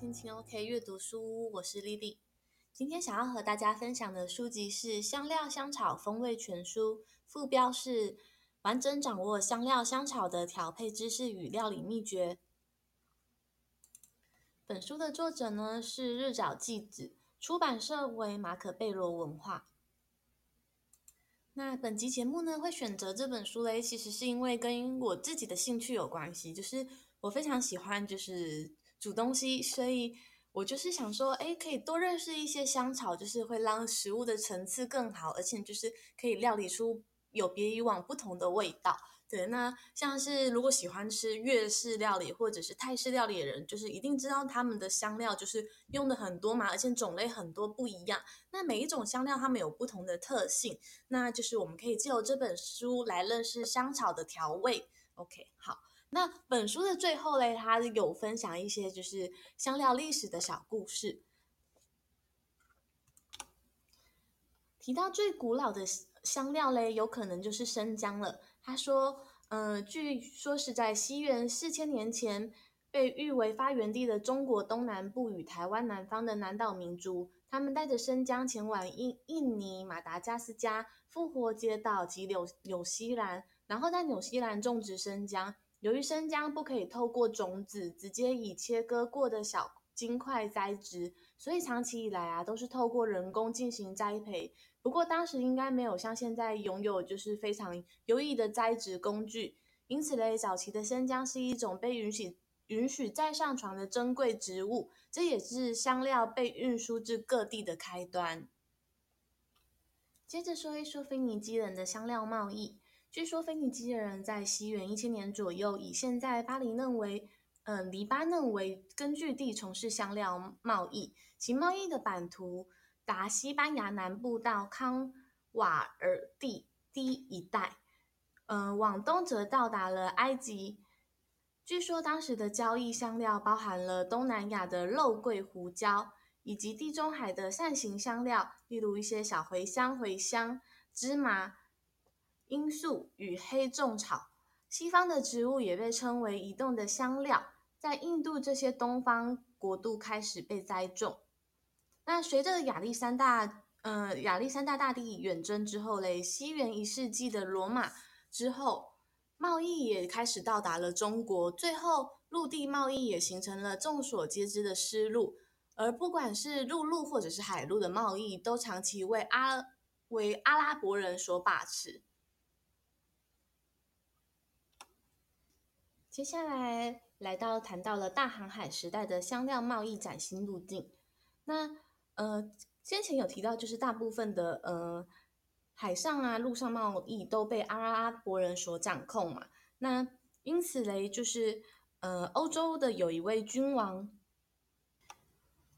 心情 OK，閱讀書屋，我是 Lily。今天想要和大家分享的書籍是《香料香草風味全書》，副標是“完整掌握香料香草的調配知識與料理秘訣”。本書的作者呢是日照紀子，出版社為馬可貝羅文化。那本集節目呢會選擇這本書嘞，其實是因為跟我自己的興趣有關係，就是我非常喜歡，就是。煮東西，所以我就是想說，哎，可以多認識一些香草，就是會讓食物的層次更好，而且就是可以料理出有別以往不同的味道。對，那像是如果喜歡吃粵式料理或者是泰式料理的人，就是一定知道他們的香料就是用的很多嘛，而且種類很多不一樣。那每一種香料它們有不同的特性，那就是我們可以借由這本書來認識香草的調味。OK，好。那本書的最後嘞，他有分享一些就是香料歷史的小故事。提到最古老的香料嘞，有可能就是生薑了。他說，嗯、呃，據說是在西元四千年前，被譽為發源地的中國東南部與台灣南方的南島民族，他們帶着生薑前往印印尼、馬達加斯加、復活節島及紐紐西，紐西蘭，然後在紐西蘭種植生薑。由於生薑不可以透過種子直接以切割過的小莖塊栽植，所以長期以來啊都是透過人工進行栽培。不過當時應該沒有像現在擁有就是非常優異的栽植工具，因此嘞，早期的生薑是一種被允許允許再上船的珍貴植物，這也是香料被運輸至各地的開端。接着說一說腓尼基人的香料貿易。據說腓尼基人在西元一千年左右，以現在巴黎嫩為，嗯、呃，黎巴嫩為根據地，從事香料貿易。其貿易的版圖達西班牙南部到康瓦爾蒂低一帶，嗯、呃，往東則到達了埃及。據說當時的交易香料包含了東南亞的肉桂、胡椒，以及地中海的扇形香料，例如一些小茴香、茴香、芝麻、罌粟與黑種草，西方的植物也被稱為“移動的香料”。在印度這些東方國度開始被栽種。那隨着亞歷山大，呃，亞歷山大大帝遠征之後嘞，西元一世紀的羅馬之後，貿易也開始到達了中國。最後，陸地貿易也形成了眾所皆知的絲路。而不管是陸路或者是海路的貿易，都長期為阿為阿拉伯人所把持。接下來來到談到了大航海時代的香料貿易嶄新路徑。那呃，先前有提到，就是大部分的呃海上啊、陸上貿易都被阿拉伯人所掌控嘛。那因此嘞，就是呃歐洲的有一位君王，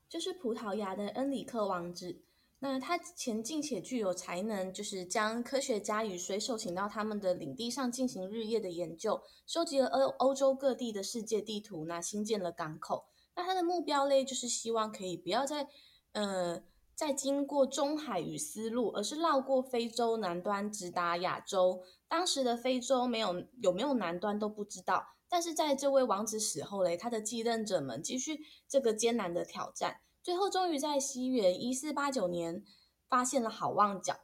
就是葡萄牙的恩里克王子。那他前進且具有才能，就是將科學家與水手請到他們的領地上進行日夜的研究，收集了歐歐洲各地的世界地圖，那新建了港口。那他的目標嘞，就是希望可以不要再，呃，再經過中海與絲路，而是繞過非洲南端直達亞洲。當時的非洲沒有有沒有南端都不知道。但是在這位王子死後嘞，他的繼任者們繼續這個艱難的挑戰。最後，終於在西元一四八九年發現了好望角。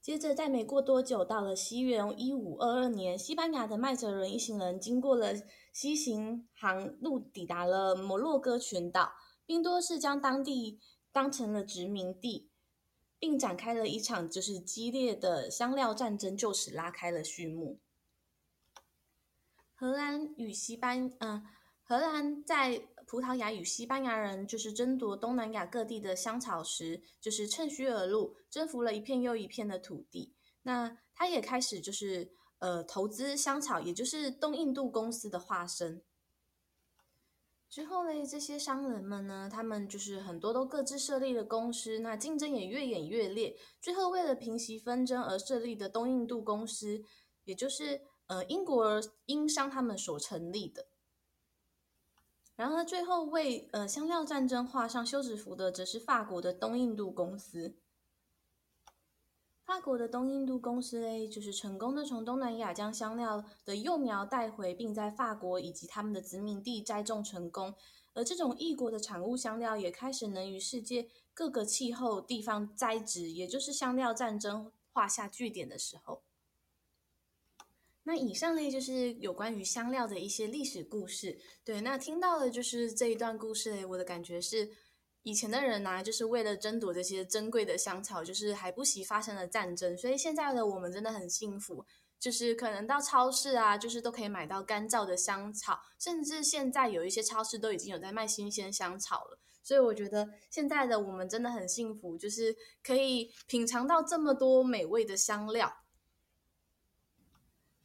接着，在沒過多久，到了西元一五二二年，西班牙的麥哲倫一行人經過了西行航路，抵達了摩洛哥群島，並多次將當地當成了殖民地，並展開了一場就是激烈的香料戰爭，就此、是、拉開了序幕。荷蘭與西班，嗯、呃，荷蘭在。葡萄牙與西班牙人就是爭奪東南亞各地的香草時，就是趁虛而入，征服了一片又一片的土地。那他也開始就是呃投資香草，也就是東印度公司的化身。之後嘞，這些商人們呢，他們就是很多都各自設立了公司，那競爭也越演越烈。最後為了平息紛爭而設立的東印度公司，也就是呃英國而英商他們所成立的。然而，最後為呃香料戰爭畫上休止符的，則是法國的東印度公司。法國的東印度公司嘞，就是成功的從東南亞將香料的幼苗帶回，並在法國以及他們的殖民地栽種成功。而這種異國的產物香料，也開始能與世界各個氣候地方栽植，也就是香料戰爭畫下句點的時候。那以上呢，就是有關於香料的一些歷史故事。對，那聽到的就是這一段故事給我的感覺是，以前的人呢、啊，就是為了爭奪這些珍貴的香草，就是還不惜發生了戰爭。所以現在的我們真的很幸福，就是可能到超市啊，就是都可以買到乾燥的香草，甚至現在有一些超市都已經有在賣新鮮香草了。所以我覺得現在的我們真的很幸福，就是可以品嘗到這麼多美味的香料。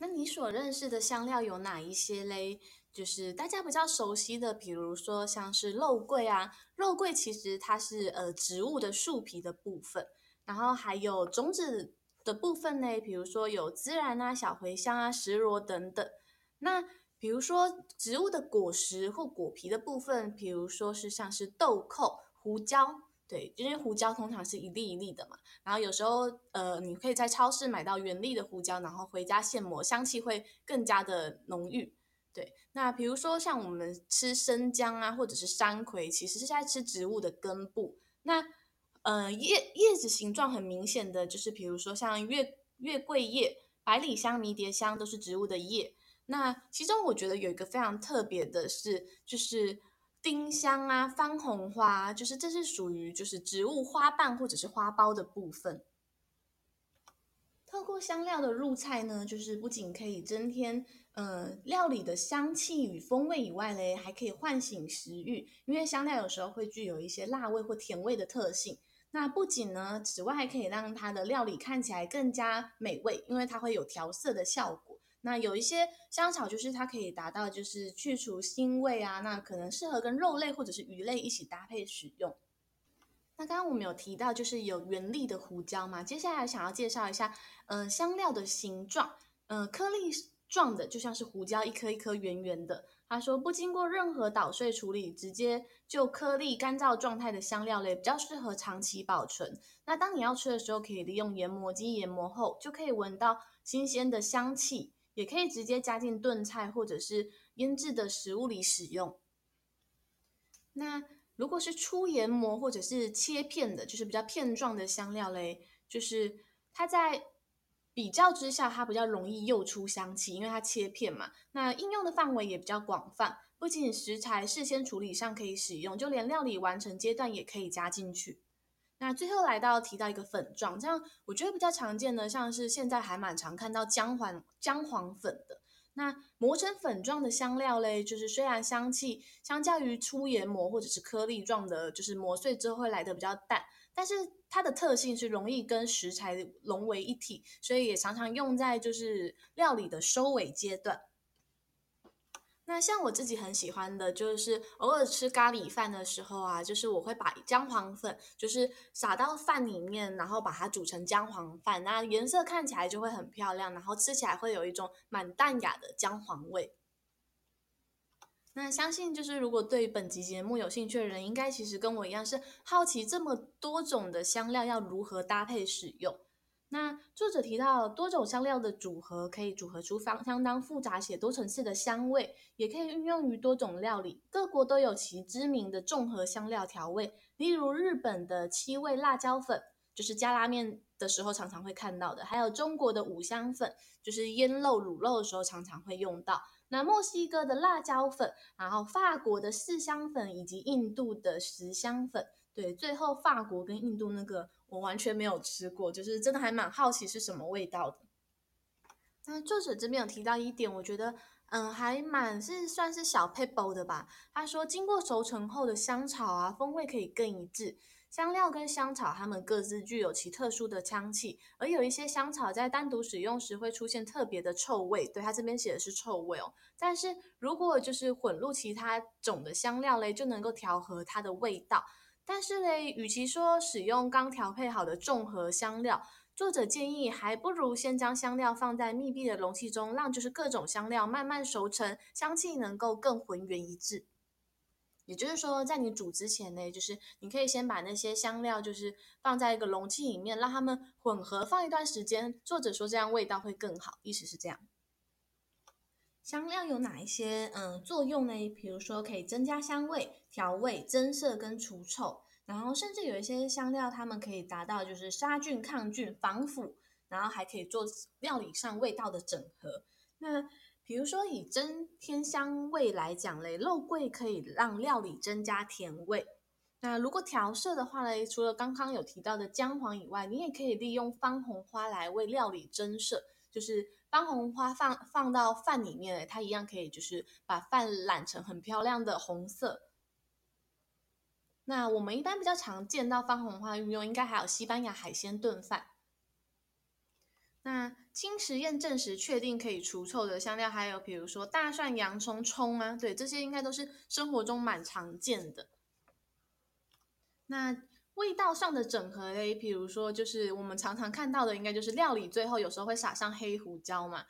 那你所認識的香料有哪一些嘞？就是大家比較熟悉的，比如說像是肉桂啊，肉桂其實它是呃植物的樹皮的部分，然後還有種子的部分呢，比如說有孜然啊、小茴香啊、石螺等等。那比如說植物的果實或果皮的部分，比如說是像是豆蔻、胡椒。對，因為胡椒通常是一粒一粒的嘛，然後有時候呃，你可以在超市買到原粒的胡椒，然後回家現磨，香氣會更加的濃郁。對，那比如說像我們吃生薑啊，或者是山葵，其實是在吃植物的根部。那嗯、呃，葉葉子形狀很明顯的就是，比如說像月月桂葉、百里香、迷迭香，都是植物的葉。那其中我覺得有一個非常特別的是，就是。丁香啊，番紅花，就是這是屬於就是植物花瓣或者是花苞的部分。透過香料的入菜呢，就是不僅可以增添嗯、呃、料理的香氣與風味以外嘞，還可以喚醒食慾，因為香料有時候會具有一些辣味或甜味的特性。那不僅呢，此外還可以讓它的料理看起來更加美味，因為它會有調色的效果。那有一些香草，就是它可以達到就是去除腥味啊，那可能適合跟肉類或者是魚類一起搭配使用。那剛剛我們有提到就是有原粒的胡椒嘛，接下來想要介紹一下，嗯、呃，香料的形狀，嗯、呃，顆粒狀的就像是胡椒一顆一顆圓圓的。他說不經過任何搗碎處理，直接就顆粒乾燥狀態的香料類比較適合長期保存。那當你要吃的時候，可以利用研磨機研磨後，就可以聞到新鮮的香氣。也可以直接加進燉菜或者是醃製的食物裡使用。那如果是粗研磨或者是切片的，就是比較片狀的香料嘞，就是它在比較之下，它比較容易誘出香氣，因為它切片嘛。那應用的範圍也比較廣泛，不僅食材事先處理上可以使用，就連料理完成階段也可以加進去。那最後來到提到一個粉狀，這樣我覺得比較常見的，像是現在還蠻常看到薑黃薑黃粉的。那磨成粉狀的香料類，就是雖然香氣相較於粗研磨或者是顆粒狀的，就是磨碎之後會來得比較淡，但是它的特性是容易跟食材融為一體，所以也常常用在就是料理的收尾階段。那像我自己很喜歡的，就是偶爾吃咖喱飯的時候啊，就是我會把薑黃粉就是撒到飯裡面，然後把它煮成薑黃飯，那顏色看起來就會很漂亮，然後吃起來會有一種蠻淡雅的薑黃味。那相信就是如果對於本集節目有興趣的人，應該其實跟我一樣是好奇這麼多種的香料要如何搭配使用。那作者提到，多種香料的組合可以組合出方相當複雜且多層次的香味，也可以運用於多種料理。各國都有其知名的綜合香料調味，例如日本的七味辣椒粉，就是加拉麵的時候常常會看到的；還有中國的五香粉，就是醃肉滷肉的時候常常會用到。那墨西哥的辣椒粉，然後法國的四香粉，以及印度的十香粉。對，最後法國跟印度那個。我完全沒有吃過，就是真的還蠻好奇是什麼味道的。那、呃、作者這邊有提到一點，我覺得，嗯，還蠻是算是小撇步的吧。他說，經過熟成後的香草啊，風味可以更一致。香料跟香草，它們各自具有其特殊的香氣，而有一些香草在單獨使用時會出現特別的臭味。對，他這邊寫的是臭味哦，但是如果就是混入其他種的香料嘞，就能夠調和它的味道。但是呢，與其說使用剛調配好的綜合香料，作者建議還不如先將香料放在密閉的容器中，讓就是各種香料慢慢熟成，香氣能夠更渾圓一致。也就是說，在你煮之前呢，就是你可以先把那些香料就是放在一個容器裡面，讓它們混合放一段時間。作者說這樣味道會更好，意思是這樣。香料有哪一些嗯，作用呢？比如說可以增加香味、調味、增色，跟除臭，然後甚至有一些香料，它們可以達到就是殺菌、抗菌、防腐，然後還可以做料理上味道的整合。那比如說以增添香味來講嘞，肉桂可以讓料理增加甜味。那如果調色的話嘞，除了剛剛有提到的薑黃以外，你也可以利用番紅花來為料理增色，就是。番紅花放放到飯裡面，它一樣可以，就是把飯染成很漂亮的紅色。那我們一般比較常見到番紅花運用，應該還有西班牙海鮮燉飯。那經實驗證實確定可以除臭的香料，還有比如說大蒜、洋蔥、蔥啊，對，這些應該都是生活中蠻常見的。那味道上的整合嘞，比如說就是我們常常看到的，應該就是料理最後有時候會撒上黑胡椒嘛。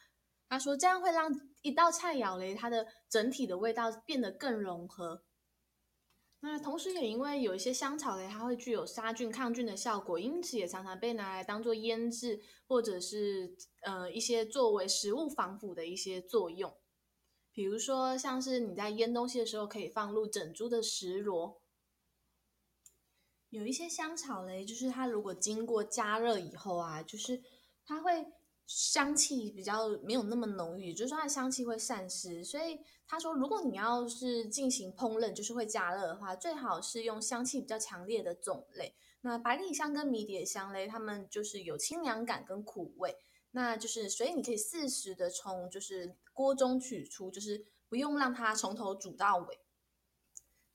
他說這樣會讓一道菜餚嘞，它的整體的味道變得更融合。那同時也因為有一些香草嘞，它會具有殺菌抗菌的效果，因此也常常被拿來當做醃制或者是呃一些作為食物防腐的一些作用。比如說像是你在醃東西的時候，可以放入整株的蒔蘿。有一些香草嘞，就是它如果經過加熱以後啊，就是它會香氣比較沒有那麼濃郁，就是說它的香氣會散失。所以他說，如果你要是進行烹飪，就是會加熱的話，最好是用香氣比較強烈的種類。那百里香跟迷迭香嘞，它們就是有清涼感跟苦味，那就是所以你可以適時的從就是鍋中取出，就是不用讓它從頭煮到尾。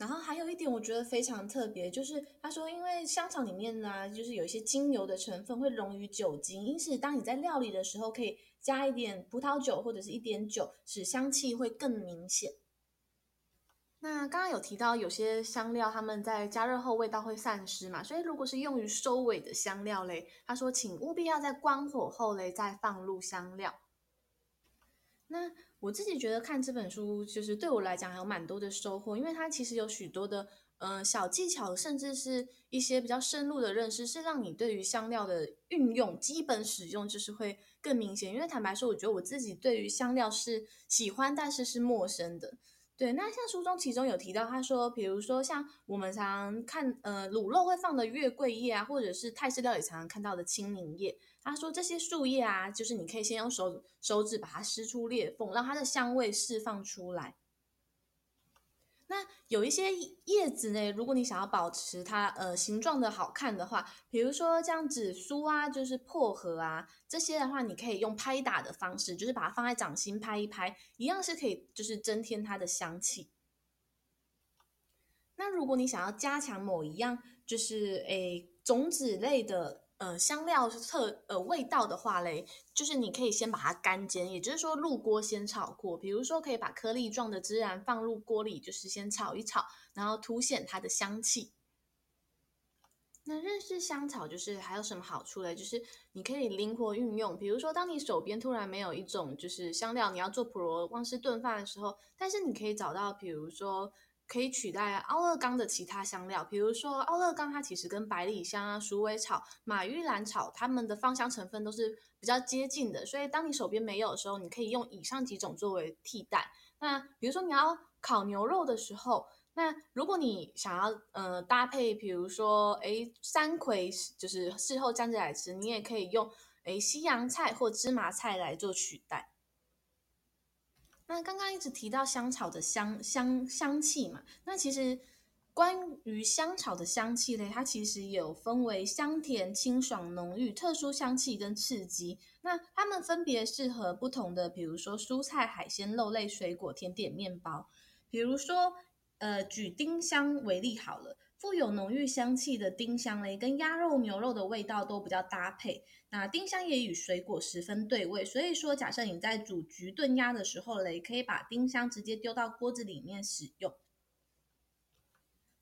然後還有一點，我覺得非常特別，就是他說，因為香草裡面呢、啊，就是有一些精油的成分會溶於酒精，因此當你在料理的時候，可以加一點葡萄酒或者是一點酒，使香氣會更明顯。那剛剛有提到，有些香料它們在加熱後味道會散失嘛，所以如果是用於收尾的香料嘞，他說，請務必要在關火後嘞再放入香料。那我自己覺得看這本書，就是對我來講還有蠻多的收穫，因為它其實有許多的嗯、呃、小技巧，甚至是一些比較深入的認識，是讓你對於香料的運用、基本使用就是會更明顯。因為坦白說，我覺得我自己對於香料是喜歡，但是是陌生的。對，那像書中其中有提到，他說，比如說像我們常看，呃，滷肉會放的月桂葉啊，或者是泰式料理常常看到的青檸葉，他說這些樹葉啊，就是你可以先用手手指把它撕出裂縫，讓它的香味釋放出來。那有一些葉子呢，如果你想要保持它呃形狀的好看的話，比如說像紫蘇啊，就是薄荷啊，這些的話，你可以用拍打的方式，就是把它放在掌心拍一拍，一樣是可以就是增添它的香氣。那如果你想要加強某一樣，就是誒、欸、種子類的。呃，香料特呃味道的話嘞，就是你可以先把它乾煎，也就是說入鍋先炒過。比如說，可以把顆粒狀的孜然放入鍋裡，就是先炒一炒，然後凸顯它的香氣。那認識香草就是還有什麼好處嘞？就是你可以靈活運用。比如說，當你手邊突然沒有一種就是香料，你要做普羅旺斯燉飯的時候，但是你可以找到，比如說。可以取代奧勒岡的其他香料，比如說奧勒岡，它其實跟百里香啊、鼠尾草、馬郁蘭草它們的芳香成分都是比較接近的，所以當你手邊沒有的時候，你可以用以上幾種作為替代。那比如說你要烤牛肉的時候，那如果你想要呃搭配，比如說誒山葵，就是事後蘸着來吃，你也可以用誒西洋菜或芝麻菜來做取代。那剛剛一直提到香草的香香香氣嘛，那其實關於香草的香氣呢，它其實有分為香甜、清爽、濃郁、特殊香氣跟刺激，那它們分別適合不同的，比如說蔬菜、海鮮、肉類、水果、甜點、麵包，比如說呃舉丁香為例好了。富有濃郁香氣的丁香嘞，跟鴨肉、牛肉的味道都比較搭配。那丁香也與水果十分對味，所以說，假設你在煮橘燉鴨的時候嘞，可以把丁香直接丟到鍋子裡面使用。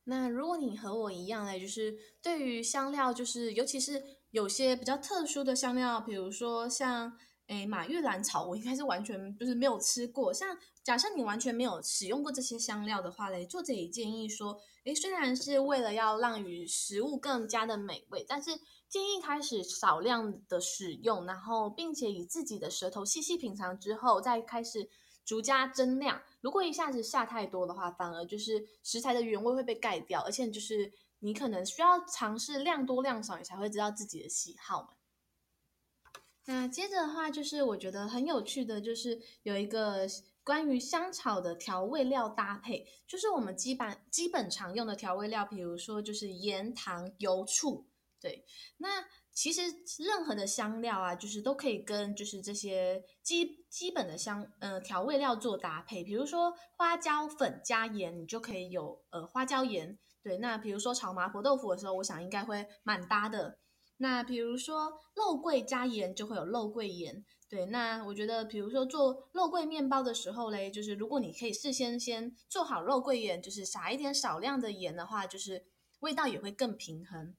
那如果你和我一樣嘞，就是對於香料，就是尤其是有些比較特殊的香料，比如說像誒馬鬱蘭草，我應該是完全就是沒有吃過。像假設你完全沒有使用過這些香料的話嘞，作者也建議說，誒，雖然是為了要讓與食物更加的美味，但是建議開始少量的使用，然後並且以自己的舌頭細細品嘗之後，再開始逐加增量。如果一下子下太多的話，反而就是食材的原味會被蓋掉，而且就是你可能需要嘗試量多量少，你才會知道自己的喜好嘛。那接着的話，就是我覺得很有趣的，就是有一個。關於香草的調味料搭配，就是我們基本基本常用的調味料，比如說就是鹽、糖、油、醋，對。那其實任何的香料啊，就是都可以跟就是這些基基本的香呃調味料做搭配，比如說花椒粉加鹽，你就可以有呃花椒鹽。對，那比如說炒麻婆豆腐的時候，我想應該會蠻搭的。那比如說肉桂加鹽，就會有肉桂鹽。對，那我覺得，比如說做肉桂麵包的時候嘞，就是如果你可以事先先做好肉桂鹽，就是撒一點少量的鹽的話，就是味道也會更平衡。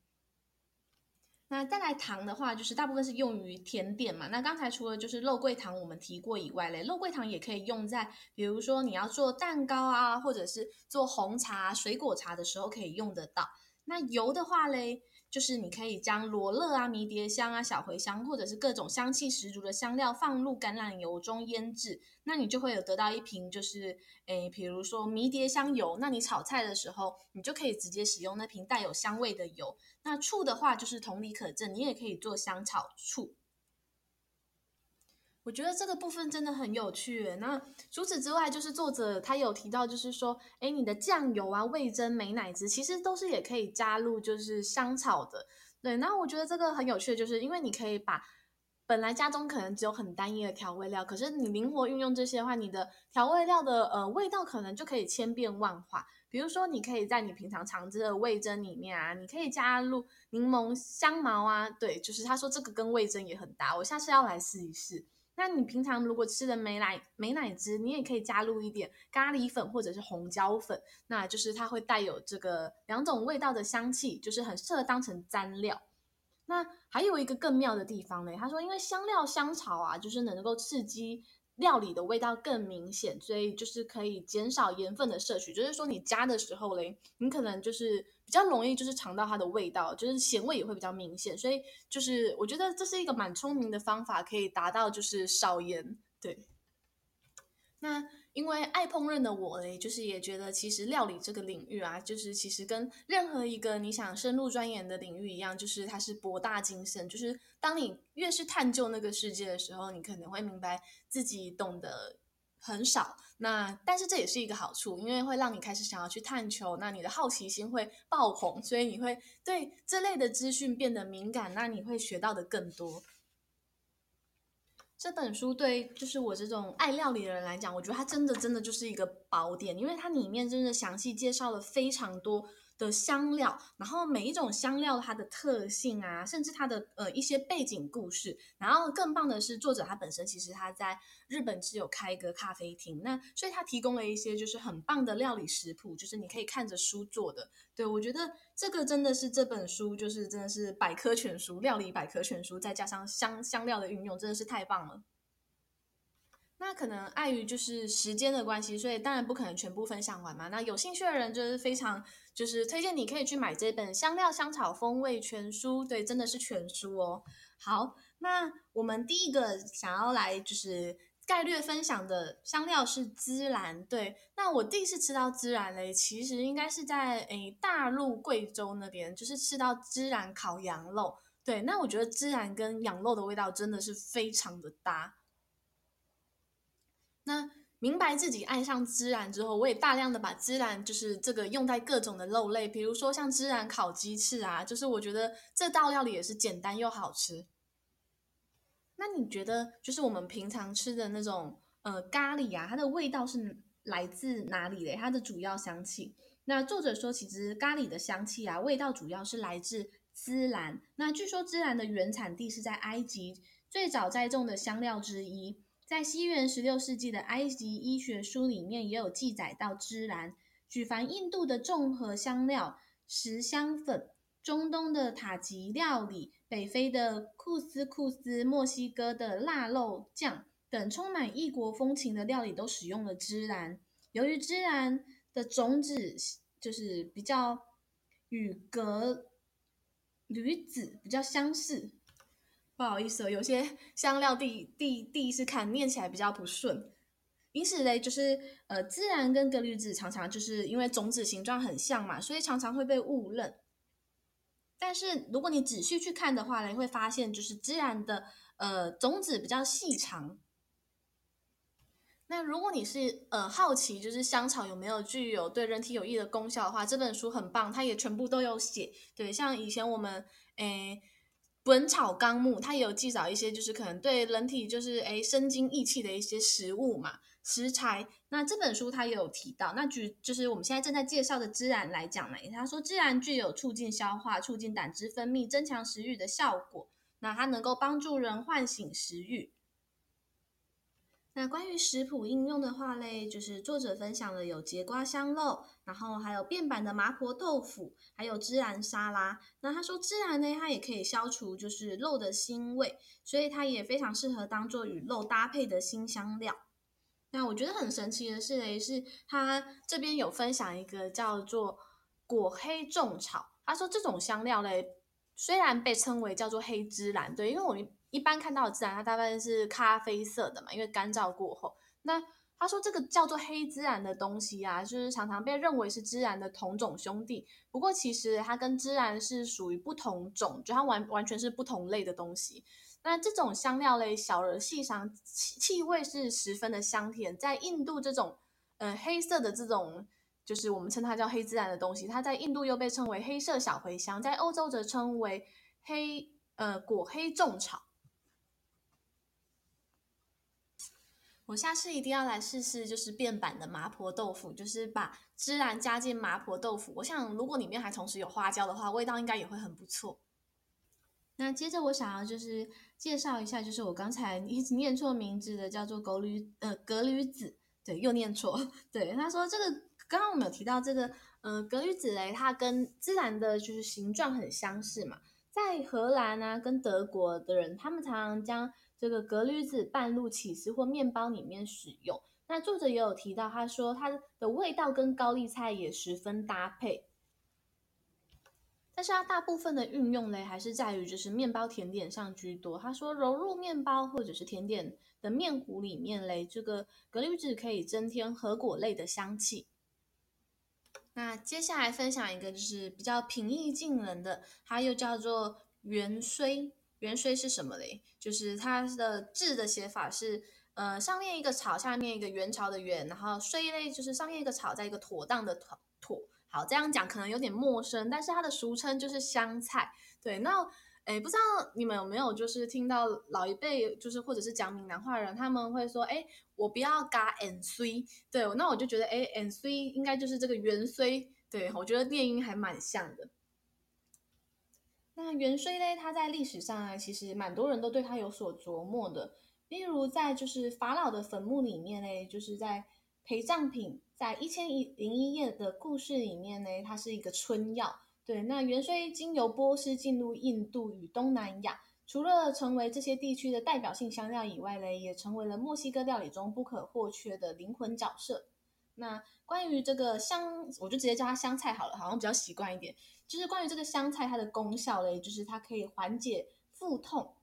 那再來糖的話，就是大部分是用於甜點嘛。那剛才除了就是肉桂糖我們提過以外嘞，肉桂糖也可以用在，比如說你要做蛋糕啊，或者是做紅茶、水果茶的時候可以用得到。那油的話嘞。就是你可以將羅勒啊、迷迭香啊、小茴香，或者是各種香氣十足的香料放入橄欖油中醃制，那你就會有得到一瓶就是誒，比如說迷迭香油，那你炒菜的時候，你就可以直接使用那瓶帶有香味的油。那醋的話，就是同理可證，你也可以做香草醋。我覺得這個部分真的很有趣。那除此之外，就是作者他有提到，就是說，誒，你的醬油啊、味噌、美乃滋，其實都是也可以加入就是香草的。對，那我覺得這個很有趣，就是因為你可以把本來家中可能只有很單一的調味料，可是你靈活運用這些的話，你的調味料的呃味道可能就可以千變萬化。比如說，你可以在你平常常吃的味噌裡面啊，你可以加入檸檬香茅啊。對，就是他說這個跟味噌也很搭，我下次要來試一試。那你平常如果吃的美乃、美乃滋，你也可以加入一點咖喱粉或者是紅椒粉，那就是它會帶有這個兩種味道的香氣，就是很適合當成蘸料。那還有一個更妙的地方呢？他說因為香料香草啊，就是能夠刺激料理的味道更明顯，所以就是可以減少鹽分的攝取。就是說你加的時候嘞，你可能就是。比較容易就是嘗到它的味道，就是鹹味也會比較明顯，所以就是我覺得這是一個蠻聰明的方法，可以達到就是少鹽。對，那因為愛烹飪的我嘞，就是也覺得其實料理這個領域啊，就是其實跟任何一個你想深入鑽研的領域一樣，就是它是博大精深。就是當你越是探究那個世界的時候，你可能會明白自己懂得很少，那但是這也是一個好處，因為會讓你開始想要去探求，那你的好奇心會爆棚，所以你會對這類的資訊變得敏感，那你會學到的更多。這本書對就是我這種愛料理的人來講，我覺得它真的真的就是一個寶典，因為它裡面真的詳細介紹了非常多，的香料，然後每一種香料它的特性啊，甚至它的呃一些背景故事，然後更棒的是作者他本身其實他在日本是有開一個咖啡廳，那所以他提供了一些就是很棒的料理食譜，就是你可以看着書做的。對，我覺得這個真的是這本書就是真的是百科全書，料理百科全書，再加上香香料的運用，真的是太棒了。那可能礙於就是時間的關係，所以當然不可能全部分享完嘛。那有興趣的人就是非常就是推薦你可以去買這本《香料香草風味全書》，對，真的是全書哦。好，那我們第一個想要來就是概略分享的香料是孜然，對。那我第一次吃到孜然嘞，其實應該是在誒、哎、大陸貴州那邊，就是吃到孜然烤羊肉，對。那我覺得孜然跟羊肉的味道真的是非常的搭。那明白自己愛上孜然之後，我也大量的把孜然就是這個用在各種的肉類，比如說像孜然烤雞翅啊，就是我覺得這道料理也是簡單又好吃。那你覺得，就是我們平常吃的那種呃咖喱啊，它的味道是來自哪裡嘞，它的主要香氣？那作者說，其實咖喱的香氣啊，味道主要是來自孜然。那據說孜然的原產地是在埃及，最早栽種的香料之一。在西元十六世紀的埃及醫學書裡面，也有記載到孜然。舉凡印度的綜合香料、十香粉、中東的塔吉料理、北非的庫斯庫斯、墨西哥的臘肉醬等，充滿異國風情的料理，都使用了孜然。由於孜然的種子就是比較與葛縷子比較相似。不好意思哦，有些香料第第第一次看念起來比較不順。因此嘞，就是呃，孜然跟葛縷子常常就是因為種子形狀很像嘛，所以常常會被誤認。但是如果你仔細去看的話嘞，你會發現就是孜然的呃種子比較細長。那如果你是呃好奇，就是香草有沒有具有對人體有益的功效的話，這本書很棒，它也全部都有寫。對，像以前我們誒。《本草綱目》它也有記載一些，就是可能對人體就是誒生津益氣的一些食物嘛，食材。那這本書它也有提到，那舉就是我們現在正在介紹的孜然來講呢，它說孜然具有促進消化、促進膽汁分泌、增強食慾的效果，那它能夠幫助人喚醒食慾。那關於食譜應用的話嘞，就是作者分享的有節瓜香露。然後還有變版的麻婆豆腐，還有孜然沙拉。那他說，孜然呢，它也可以消除就是肉的腥味，所以它也非常適合當做與肉搭配的辛香料。那我覺得很神奇的是嘞，是它這邊有分享一個叫做果黑種草。他說這種香料嘞，雖然被稱為叫做黑孜然，對，因為我們一般看到的孜然它大概是咖啡色的嘛，因為乾燥過後，那。他說：“這個叫做黑孜然的東西啊，就是常常被認為是孜然的同種兄弟。不過其實它跟孜然是屬於不同種，就它完完全是不同類的東西。那這種香料類小而細長，氣氣味是十分的香甜。在印度這種，嗯、呃，黑色的這種，就是我們稱它叫黑孜然的東西，它在印度又被稱為黑色小茴香，在歐洲則稱為黑，呃，果黑種草。”我下次一定要來試試，就是變版的麻婆豆腐，就是把孜然加進麻婆豆腐。我想，如果裡面還同時有花椒的話，味道應該也會很不錯。那接着我想要就是介紹一下，就是我剛才一直念錯名字的，叫做狗驢呃葛縷子，對，又念錯。對，他說這個剛剛我們有提到這個，嗯、呃，葛縷子雷，它跟孜然的就是形狀很相似嘛，在荷蘭啊跟德國的人，他們常常將。這個葛縷子拌入起司或麵包裡面使用，那作者也有提到，他說它的味道跟高麗菜也十分搭配。但是它大部分的運用嘞，還是在於就是麵包甜點上居多。他說揉入麵包或者是甜點的麵糊裡面嘞，這個葛縷子可以增添核果類的香氣。那接下來分享一個就是比較平易近人的，它又叫做元椎。芫荽是什麼嘞？就是它的字的寫法是，呃，上面一個草，下面一個元朝的元，然後荽類就是上面一個草，在一個妥當的妥妥。好，這樣講可能有點陌生，但是它的俗稱就是香菜。對，那誒，不知道你們有沒有就是聽到老一輩，就是或者是講閩南話的人，他們會說，哎，我不要嘎芫荽。對，那我就覺得，哎，芫荽應該就是這個芫荽。對，我覺得念音還蠻像的。那芫荽呢，它在歷史上啊，其實蠻多人都對它有所琢磨的。例如，在就是法老的墳墓裡面呢，就是在陪葬品，在一千零一夜的故事裡面呢，它是一個春藥。對，那芫荽經由波斯進入印度與東南亞，除了成為這些地區的代表性香料以外呢，也成為了墨西哥料理中不可或缺的靈魂角色。那關於這個香，我就直接叫它香菜好了，好像比較習慣一點。就是關於這個香菜，它的功效嘞，也就是它可以緩解腹痛，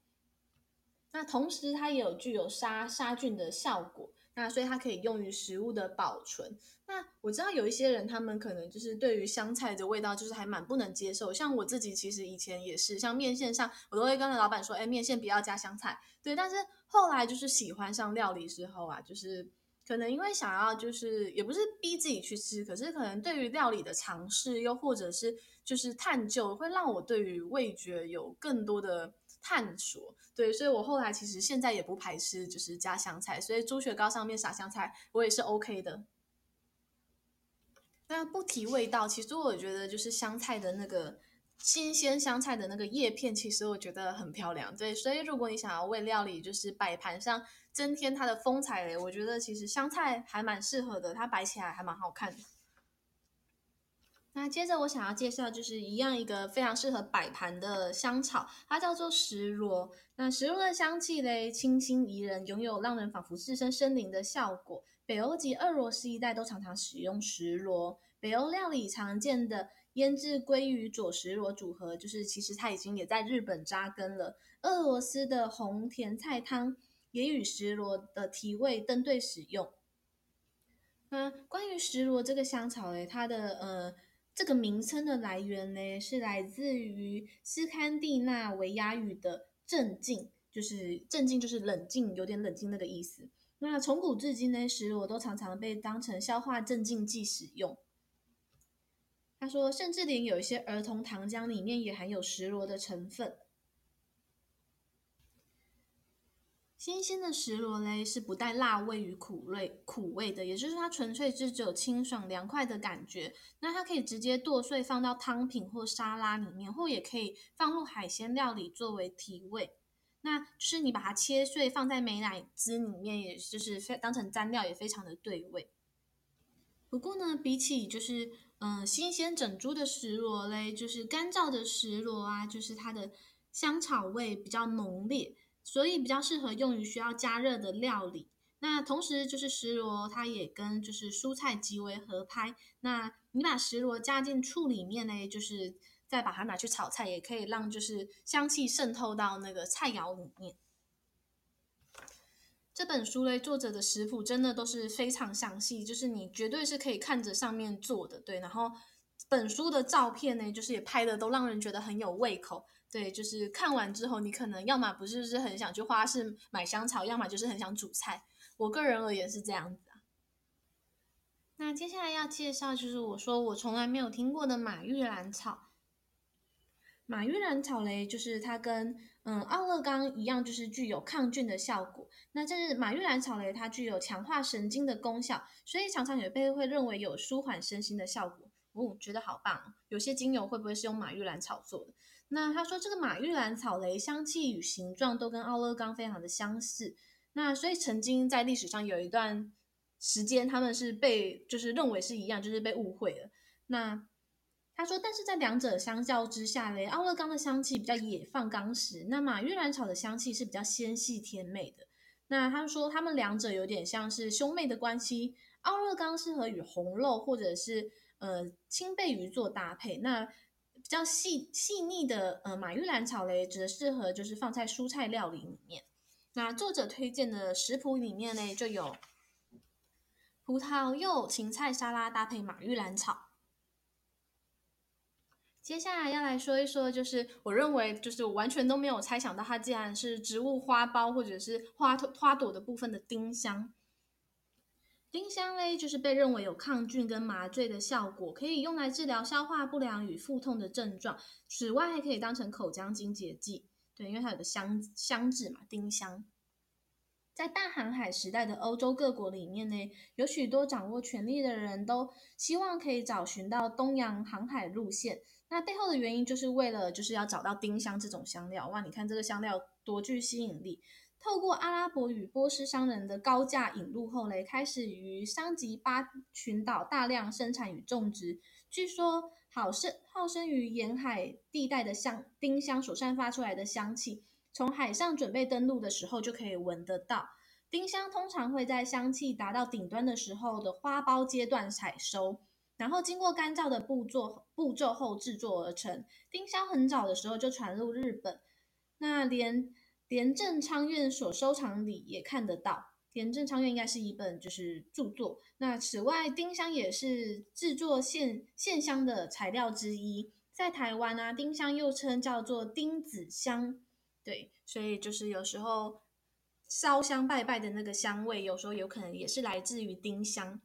那同時它也有具有殺殺菌的效果，那所以它可以用於食物的保存。那我知道有一些人，他們可能就是對於香菜的味道，就是還蠻不能接受。像我自己，其實以前也是，像麵線上，我都會跟著老闆說，哎，麵線不要加香菜。對，但是後來就是喜歡上料理之後啊，就是。可能因為想要就是也不是逼自己去吃，可是可能對於料理的嘗試，又或者是就是探究，會讓我對於味覺有更多的探索。對，所以我後來其實現在也不排斥就是加香菜，所以豬血糕上面撒香菜，我也是 OK 的。那不提味道，其實我覺得就是香菜的那個。新鮮香菜的那個葉片，其實我覺得很漂亮。對，所以如果你想要為料理就是擺盤上增添它的風采嘞，我覺得其實香菜還蠻適合的，它擺起來還蠻好看的。那接着我想要介紹就是一樣一個非常適合擺盤的香草，它叫做蒔蘿。那蒔蘿的香氣嘞清新宜人，擁有讓人仿佛置身森林的效果。北歐及俄羅斯一帶都常常使用蒔蘿。北歐料理常見的。醃製鮭魚佐蒔蘿組合，就是其實它已經也在日本紮根了。俄羅斯的紅甜菜湯也與蒔蘿的提味登對使用。那關於蒔蘿這個香草呢，它的呃這個名稱的來源呢，是來自於斯堪的納維亞語的“鎮靜”，就是鎮靜就是冷靜，有點冷靜那個意思。那從古至今呢，蒔蘿都常常被當成消化鎮靜劑使用。他說，甚至連有一些兒童糖漿裡面也含有蒔蘿的成分。新鮮的蒔蘿呢，是不帶辣味與苦味苦味的，也就是說它純粹是只有清爽涼快的感覺。那它可以直接剁碎放到湯品或沙拉裡面，或也可以放入海鮮料理作為提味。那就是你把它切碎放在美乃滋裡面，也就是非當成蘸料也非常的對味。不過呢，比起就是。嗯，新鮮整株的蒔蘿嘞，就是乾燥的蒔蘿啊，就是它的香草味比較濃烈，所以比較適合用於需要加熱的料理。那同時就是蒔蘿，它也跟就是蔬菜極為合拍。那你把蒔蘿加進醋裡面嘞，就是再把它拿去炒菜，也可以讓就是香氣滲透到那個菜餚裡面。這本書嘞，作者的食譜真的都是非常詳細，就是你絕對是可以看着上面做的，對。然後本書的照片呢，就是也拍的都讓人覺得很有胃口，對。就是看完之後，你可能要麼不是是很想去花市買香草，要麼就是很想煮菜。我個人而言是這樣子啊。那接下來要介紹就是我說我從來沒有聽過的馬玉蘭草。馬玉蘭草嘞，就是它跟。嗯，奧勒岡一樣，就是具有抗菌的效果。那這是馬玉蘭草雷，它具有強化神經的功效，所以常常也被會認為有舒緩身心的效果。哦，覺得好棒哦。有些精油會不會是用馬玉蘭草做的？那他說這個馬玉蘭草雷，香氣與形狀都跟奧勒岡非常的相似。那所以曾經在歷史上有一段時間，他們是被就是認為是一樣，就是被誤會了。那他說：“但是在兩者相較之下嘞，奧勒岡的香氣比較野放剛時，那馬玉蘭草的香氣是比較纖細甜美的。那他說他們兩者有點像是兄妹的關係。奧勒岡適合與紅肉或者是呃青貝魚做搭配，那比較細細膩的呃馬玉蘭草嘞，則適合就是放在蔬菜料理裡面。那作者推薦的食譜裡面嘞，就有葡萄柚芹菜沙拉搭配馬玉蘭草。”接下來要來說一說，就是我認為，就是我完全都沒有猜想到，它竟然是植物花苞或者是花花朵的部分的丁香。丁香呢，就是被認為有抗菌跟麻醉的效果，可以用來治療消化不良與腹痛的症狀，此外還可以當成口腔清潔劑。對，因為它有個香香字嘛，丁香。在大航海時代的歐洲各國裡面呢，有許多掌握權力的人都希望可以找尋到東洋航海路線。那背後的原因就是為了就是要找到丁香這種香料哇！你看這個香料多具吸引力。透過阿拉伯與波斯商人的高價引入後嘞，開始於桑吉巴群島大量生產與種植。據說，好生好生於沿海地帶的香丁香所散發出來的香氣，從海上準備登陸的時候就可以聞得到。丁香通常會在香氣達到頂端的時候的花苞階段採收。然後經過乾燥的步驟步驟後制作而成。丁香很早的時候就傳入日本，那連連正昌院所收藏裡也看得到。連正昌院應該是一本就是著作。那此外，丁香也是制作線線香的材料之一。在台灣啊，丁香又稱叫做丁子香。對，所以就是有時候燒香拜拜的那個香味，有時候有可能也是來自於丁香。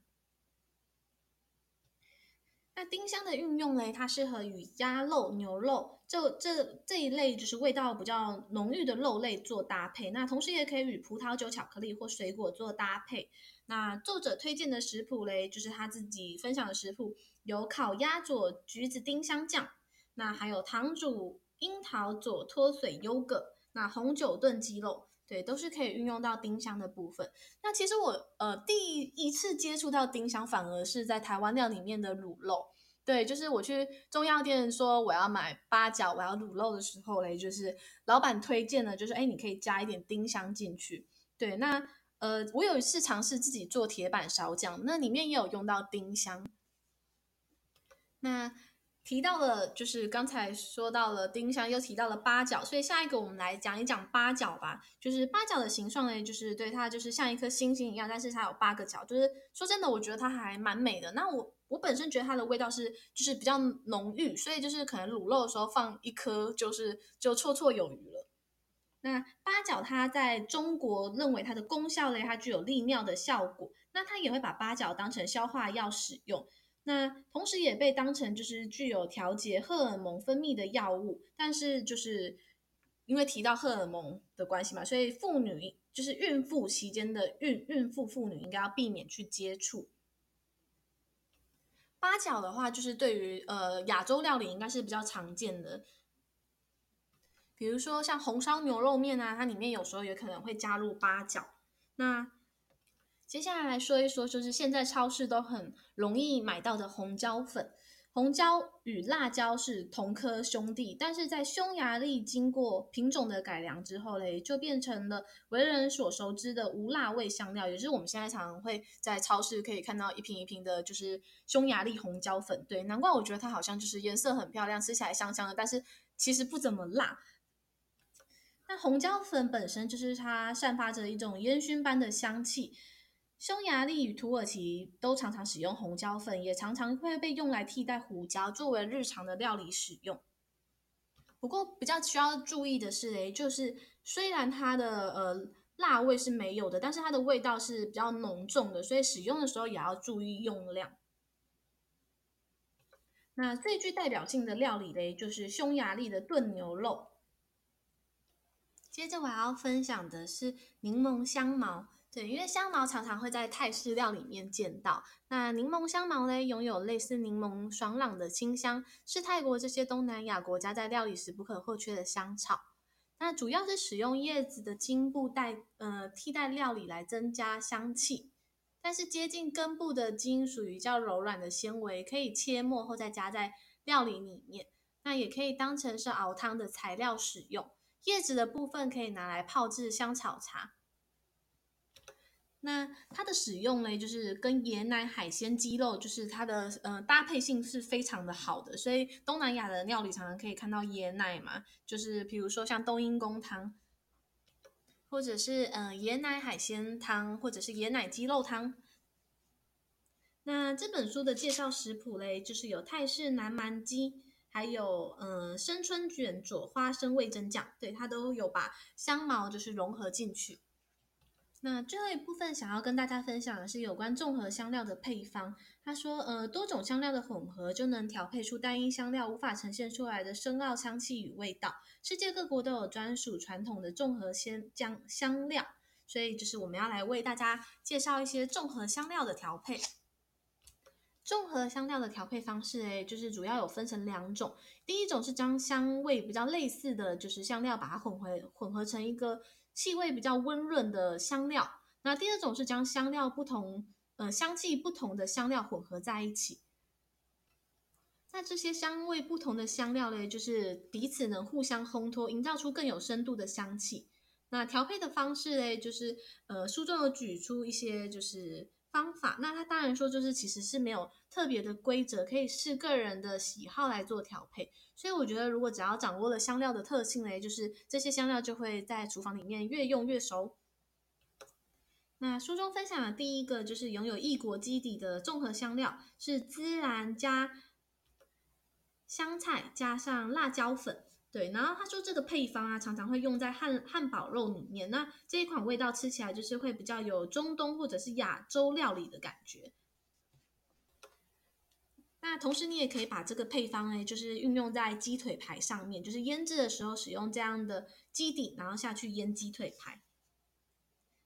那丁香的運用呢，它適合與鴨肉、牛肉，就這這一類就是味道比較濃郁的肉類做搭配。那同時也可以與葡萄酒、巧克力或水果做搭配。那作者推薦的食譜呢，就是他自己分享的食譜，有烤鴨佐橘子丁香醬，那還有糖煮櫻桃佐脫水優格，那紅酒燉雞肉。對，都是可以運用到丁香的部分。那其實我呃第一次接觸到丁香，反而是在台灣料理裡面的滷肉。對，就是我去中藥店說我要買八角，我要滷肉的時候嘞，就是老闆推薦呢，就是哎，你可以加一點丁香進去。對，那呃我有一次嘗試自己做鐵板燒醬，那裡面也有用到丁香。那。提到了，就是剛才說到了丁香，又提到了八角，所以下一個我們來講一講八角吧。就是八角的形狀呢，就是對，它就是像一顆星星一樣，但是它有八個角。就是說真的，我覺得它還蠻美的。那我我本身覺得它的味道是就是比較濃郁，所以就是可能滷肉的時候放一顆就是就綽綽有餘了。那八角它在中國認為它的功效呢，它具有利尿的效果，那它也會把八角當成消化藥使用。那同時也被當成就是具有調節荷爾蒙分泌的藥物，但是就是因為提到荷爾蒙的關係嘛，所以婦女就是孕婦期間的孕孕婦婦女應該要避免去接觸。八角的話，就是對於呃亞洲料理應該是比較常見的，比如說像紅燒牛肉麵啊，它裡面有時候也可能會加入八角。那接下來來說一說，就是現在超市都很容易買到的紅椒粉。紅椒與辣椒是同科兄弟，但是在匈牙利經過品種的改良之後嘞，就變成了為人所熟知的無辣味香料，也就是我們現在常常會在超市可以看到一瓶一瓶的，就是匈牙利紅椒粉。對，難怪我覺得它好像就是顏色很漂亮，吃起來香香的，但是其實不怎麼辣。那紅椒粉本身就是它散發着一種煙燻般的香氣。匈牙利與土耳其都常常使用紅椒粉，也常常會被用來替代胡椒作為日常的料理使用。不過比較需要注意的是，就是雖然它的呃辣味是沒有的，但是它的味道是比較濃重的，所以使用的時候也要注意用量。那最具代表性的料理嘞，就是匈牙利的燉牛肉。接着我還要分享的是檸檬香茅。對，因為香茅常常會在泰式料理裡面見到。那檸檬香茅呢，擁有類似檸檬爽朗的清香，是泰國這些東南亞國家在料理時不可或缺的香草。那主要是使用葉子的莖部代，呃，替代料理來增加香氣。但是接近根部的莖屬於較柔軟的纖維，可以切末後再加在料理裡面。那也可以當成是熬湯的材料使用。葉子的部分可以拿來泡制香草茶。那它的使用嘞，就是跟椰奶、海鮮、雞肉，就是它的嗯、呃、搭配性是非常的好的，所以東南亞的料理常常可以看到椰奶嘛，就是比如說像冬陰功湯，或者是嗯、呃、椰奶海鮮湯，或者是椰奶雞肉湯。那這本書的介紹食譜嘞，就是有泰式南蠻雞，還有嗯、呃、生春卷佐花生味噌醬，對它都有把香茅就是融合進去。那最後一部分想要跟大家分享的是有關綜合香料的配方。他說，呃，多種香料的混合就能調配出單一香料無法呈現出來的深奧香氣與味道。世界各國都有專屬傳統的綜合香醬香料，所以就是我們要來為大家介紹一些綜合香料的調配。綜合香料的調配方式，欸，誒，就是主要有分成兩種。第一種是將香味比較類似的就是香料，把它混回混合成一個。氣味比較溫潤的香料，那第二種是將香料不同呃香氣不同的香料混合在一起。那這些香味不同的香料嘞，就是彼此能互相烘托，營造出更有深度的香氣。那調配的方式嘞，就是呃書中有舉出一些就是。方法，那它當然說就是其實是沒有特別的規則，可以視個人的喜好來做調配。所以我覺得，如果只要掌握了香料的特性嘞，就是這些香料就會在廚房裡面越用越熟。那書中分享的第一個就是擁有異國基底的綜合香料，是孜然加香菜加上辣椒粉。對，然後他說這個配方啊，常常會用在漢漢堡肉裡面。那這一款味道吃起來就是會比較有中東或者是亞洲料理的感覺。那同時你也可以把這個配方呢，就是運用在雞腿排上面，就是醃製的時候使用這樣的基底，然後下去醃雞腿排。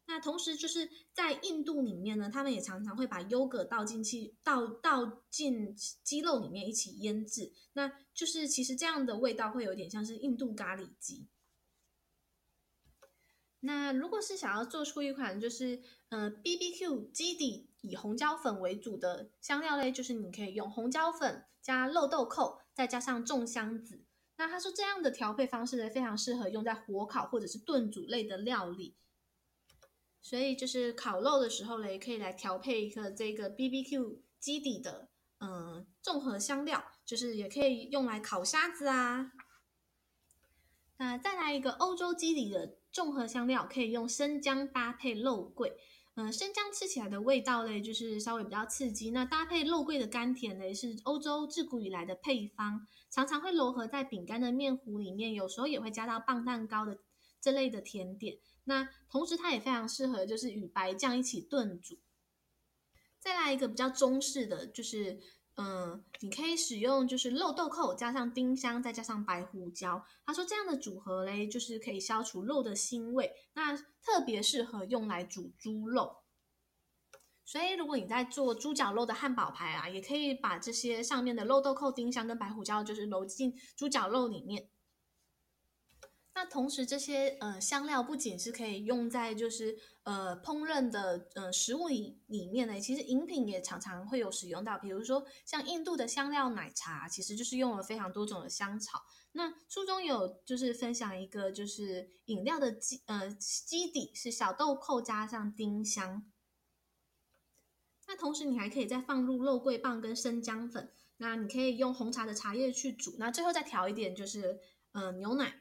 那同時就是在印度裡面呢，他們也常常會把優格倒進去，倒倒進雞肉裡面一起醃製。那就是其實這樣的味道會有點像是印度咖喱雞。那如果是想要做出一款就是呃 BBQ 基底以紅椒粉為主的香料類，就是你可以用紅椒粉加肉豆蔻，再加上眾香籽。那他說這樣的調配方式呢，非常適合用在火烤或者是燉煮類的料理。所以就是烤肉的時候呢，也可以來調配一個這個 BBQ 基底的，嗯、呃，綜合香料，就是也可以用來烤蝦子啊。那、呃、再來一個歐洲基底的綜合香料，可以用生薑搭配肉桂。嗯、呃，生薑吃起來的味道呢，就是稍微比較刺激，那搭配肉桂的甘甜呢，是歐洲自古以來的配方，常常會糅合在餅乾的麵糊裡面，有時候也會加到磅蛋糕的這類的甜點。那同時，它也非常適合，就是與白醬一起燉煮。再來一個比較中式的就是，嗯、呃，你可以使用就是肉豆蔻，加上丁香，再加上白胡椒。他說這樣的組合嘞，就是可以消除肉的腥味。那特別適合用來煮豬肉。所以如果你在做豬絞肉的漢堡排啊，也可以把這些上面的肉豆蔻、丁香跟白胡椒，就是揉進豬絞肉裡面。那同時，這些呃香料不僅是可以用在就是呃烹飪的呃食物裡裡面呢，其實飲品也常常會有使用到。比如說像印度的香料奶茶，其實就是用了非常多種的香草。那書中有就是分享一個就是飲料的基呃基底是小豆蔻加上丁香。那同時你還可以再放入肉桂棒跟生薑粉。那你可以用紅茶的茶葉去煮，那最後再調一點就是呃牛奶。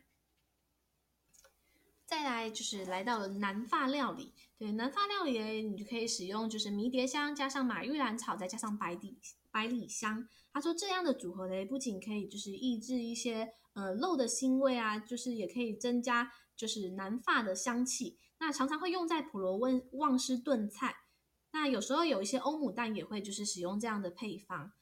再來就是來到了南法料理，對南法料理嘞，你就可以使用就是迷迭香加上馬郁蘭草，再加上百里百里香。他說這樣的組合嘞，不僅可以就是抑制一些呃肉的腥味啊，就是也可以增加就是南法的香氣。那常常會用在普羅溫旺斯燉菜，那有時候有一些歐姆蛋也會就是使用這樣的配方。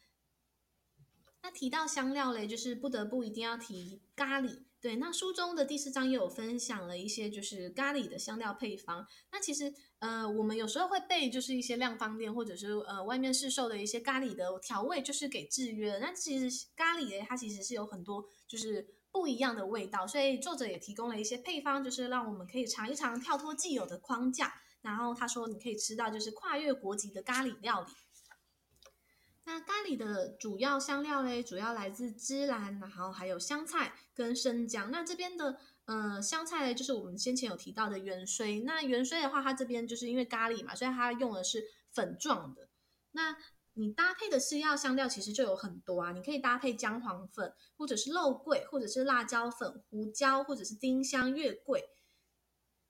那提到香料嘞，就是不得不一定要提咖喱。對，那書中的第四章也有分享了一些就是咖喱的香料配方。那其實，呃，我們有時候會被就是一些量販店或者是呃外面市售的一些咖喱的調味就是給制約。那其實咖喱嘞，它其實是有很多就是不一樣的味道。所以作者也提供了一些配方，就是讓我們可以嘗一嘗跳脫既有的框架。然後他說，你可以吃到就是跨越國籍的咖喱料理。那咖喱的主要香料嘞，主要來自孜然，然後還有香菜跟生薑。那這邊的呃香菜呢，就是我們先前有提到的芫荽。那芫荽的話，它這邊就是因為咖喱嘛，所以它用的是粉狀的。那你搭配的次要香料其實就有很多啊，你可以搭配薑黃粉，或者是肉桂，或者是辣椒粉、胡椒，或者是丁香、月桂。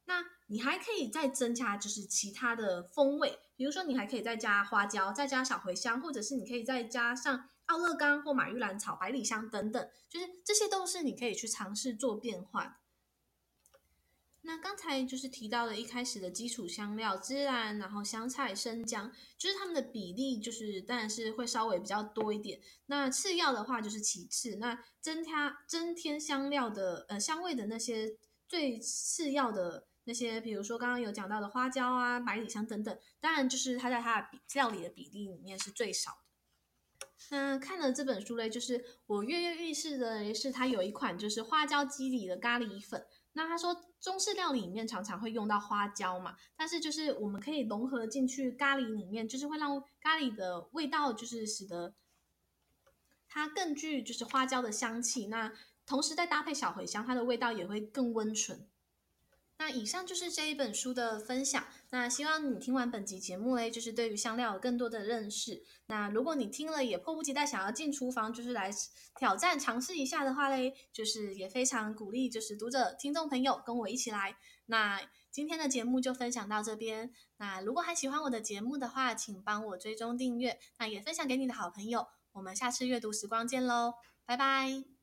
那你還可以再增加就是其他的風味。比如說，你還可以再加花椒，再加小茴香，或者是你可以再加上奧勒岡或馬玉蘭草、百里香等等，就是這些都是你可以去嘗試做變換。那剛才就是提到了一開始的基礎香料，孜然，然後香菜、生薑，就是它們的比例就是當然是會稍微比較多一點。那次要的話就是其次，那增添增添香料的呃香味的那些最次要的。那些比如說剛剛有講到的花椒啊、百里香等等，當然就是它在它的料理的比例裡面是最少的。那看了這本書嘞，就是我躍躍欲試的也是，它有一款就是花椒基底的咖喱粉。那他說中式料理裡面常常會用到花椒嘛，但是就是我們可以融合進去咖喱裡面，就是會讓咖喱的味道就是使得它更具就是花椒的香氣。那同時再搭配小茴香，它的味道也會更溫醇。那以上就是這一本書的分享。那希望你聽完本集節目嘞，就是對於香料有更多的認識。那如果你聽了也迫不及待想要進廚房，就是來挑戰嘗試一下的話嘞，就是也非常鼓勵就是讀者聽眾朋友跟我一起來。那今天的節目就分享到這邊。那如果還喜歡我的節目的話，請幫我追蹤訂閱。那也分享給你的好朋友。我們下次閱讀時光見嘍，拜拜。